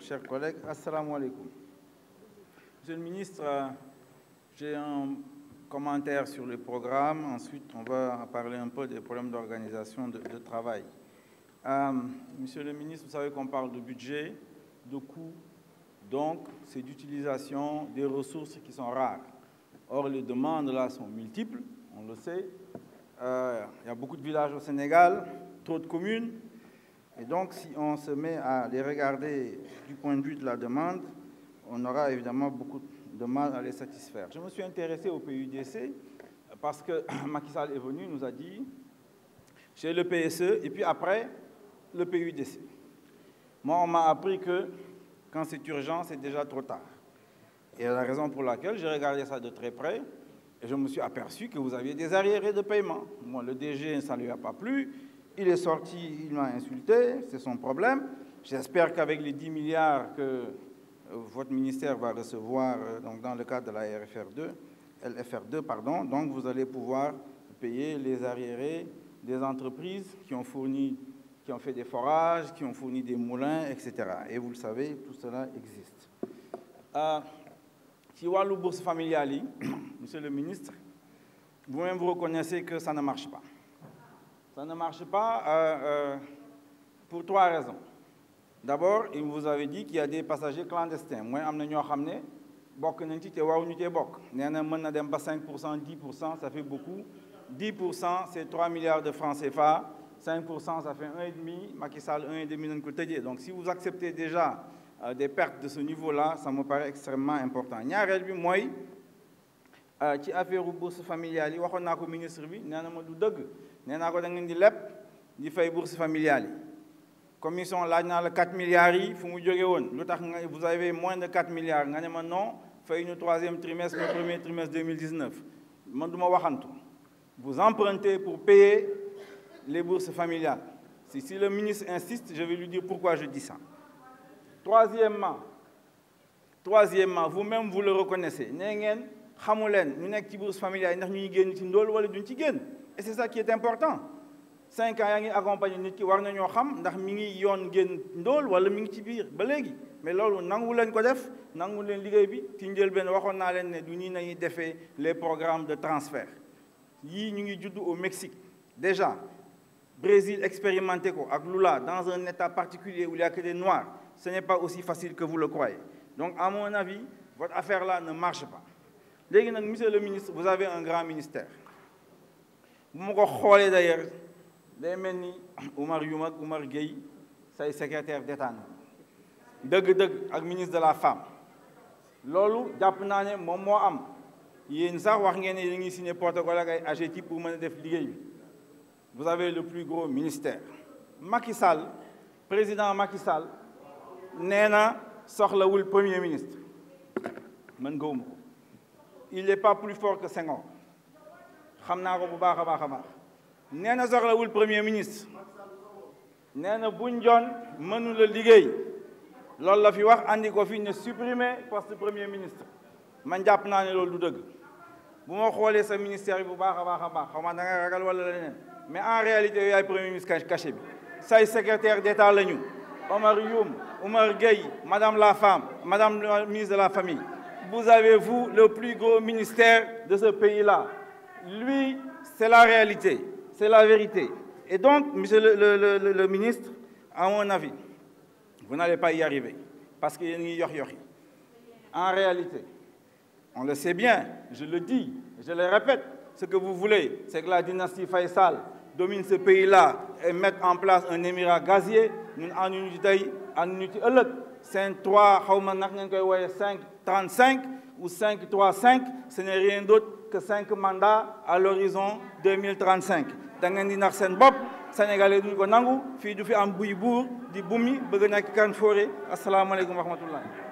chers collègues, assalamu alaikum. Monsieur le ministre, euh, j'ai un commentaire sur le programme. Ensuite, on va parler un peu des problèmes d'organisation de, travail. Euh, monsieur le ministre, vous savez qu'on parle de budget, de coûts, donc c'est d'utilisation des ressources qui sont rares. Or, les demandes là sont multiples, on le sait. Euh, il y a beaucoup de villages au Sénégal, trop de communes, et donc, si on se met à les regarder du point de vue de la demande, on aura évidemment beaucoup de mal à les satisfaire. Je me suis intéressé au PUDC parce que Macky Sall est venu, nous a dit, j'ai le PSE et puis après, le PUDC. Moi, on m'a appris que quand c'est urgent, c'est déjà trop tard. Et la raison pour laquelle j'ai regardé ça de très près, et je me suis aperçu que vous aviez des arriérés de paiement. Moi, le DG, ça ne lui a pas plu. Il est sorti, il m'a insulté, c'est son problème. J'espère qu'avec les 10 milliards que euh, votre ministère va recevoir euh, donc dans le cadre de la RFR2, euh, LFR2, pardon, donc vous allez pouvoir payer les arriérés des entreprises qui ont fourni, qui ont fait des forages, qui ont fourni des moulins, etc. Et vous le savez, tout cela existe. Si bourse familiale, Monsieur le ministre, vous-même vous reconnaissez que ça ne marche pas. Ça ne marche pas euh, euh, pour trois raisons. D'abord, il vous avait dit qu'il y a des passagers clandestins. Moi, je ñoo ne nañ ci na 5 10 ça fait beaucoup 10 c'est 3 milliards de francs CFA 5 ça fait 1,5 1,5 ko donc si vous acceptez déjà euh, des pertes de ce niveau-là ça me paraît extrêmement important rien bi mooy. Euh, ci affaire bourse familiale yi waxoon naa ministre bi nena ma du deug nena ko da ngeen di lepp di fay bourse familiale commission laaj 4 milliards yi fu mu nga vous avez moins de 4 milliards nga ne ma non fay ñu troisième trimestre le premier trimestre 2019 man duma vous empruntez pour payer les bourses familiales si si le ministre insiste je vais lui dire pourquoi je dis ça troisièmement troisièmement vous-même vous le reconnaissez nee xamu nous ñu pas ci bourse familiale ndax ñu nous génn ci ndóol wala duñ ci et c'est ça qui est important 5 ans nous ngi accompagner nit ki war na ñoo xam ndax mi ngi yoon génn ndóol wala mi ngi mais loolu que nous ko def nangu leen liggéey bi ci njëlbeen waxoon na leen ne du les programmes de transfert yii ñu ngi au Mexique déjà Brésil expérimenté ko ak Lula dans un état particulier où il y a que des noirs ce n'est pas aussi facile que vous le croyez donc à mon avis votre affaire là ne marche pas léegi monsieur le ministre vous avez un grand ministère bu ma ko d'ailleurs day mel Omar Oumar Omar ak Oumar Gueye secrétaire d'état Deug deug ak ministre de la femme Lolu japp naa ne moom am Yeen sax wax ngeen ne ngi signé protocole ak ay AGETIP pour mën def liguey. bi vous avez le plus gros ministère Macky Sall président Macky Sall néna soxla wul premier ministre man gëwuma il n'est pas plus fort que Senghor ans. naa ko bu baax a baax a baax premier ministre nee na buñ joon mënula liggéey loolu la fi wax andi ko fi ne supprimer poste premier ministre man jàpp naa ne loolu du dëgg bu ma xoolee sa ministère vous bu baax a baax a ma da nga ragal wala mais en réalité yow premier ministre caché bi say secrétaire d'état la Omar Youm Omar Gueye madame la femme madame la ministre de la famille vous avez, vous, le plus gros ministère de ce pays-là. Lui, c'est la réalité, c'est la vérité. Et donc, monsieur le, ministre, à mon avis, vous n'allez pas y arriver, parce qu'il y a une En réalité, on le sait bien, je le dis, je le répète, ce que vous voulez, c'est que la dynastie Faisal domine ce pays-là et mettre en place un émirat gazier nous ànduñu ci tey ànduñu ci ëllëg 5 3 ngeen koy wooyee 5 35 ou 5 3 5 ce n'est rien d'autre que 5 mandats à l'horizon 2035 da di nax seen bopp sénégalais duñu ko nangu fii du fi am buy buur di bumi bëgg nekk kan foore asalaamaaleykum wa rahmatullah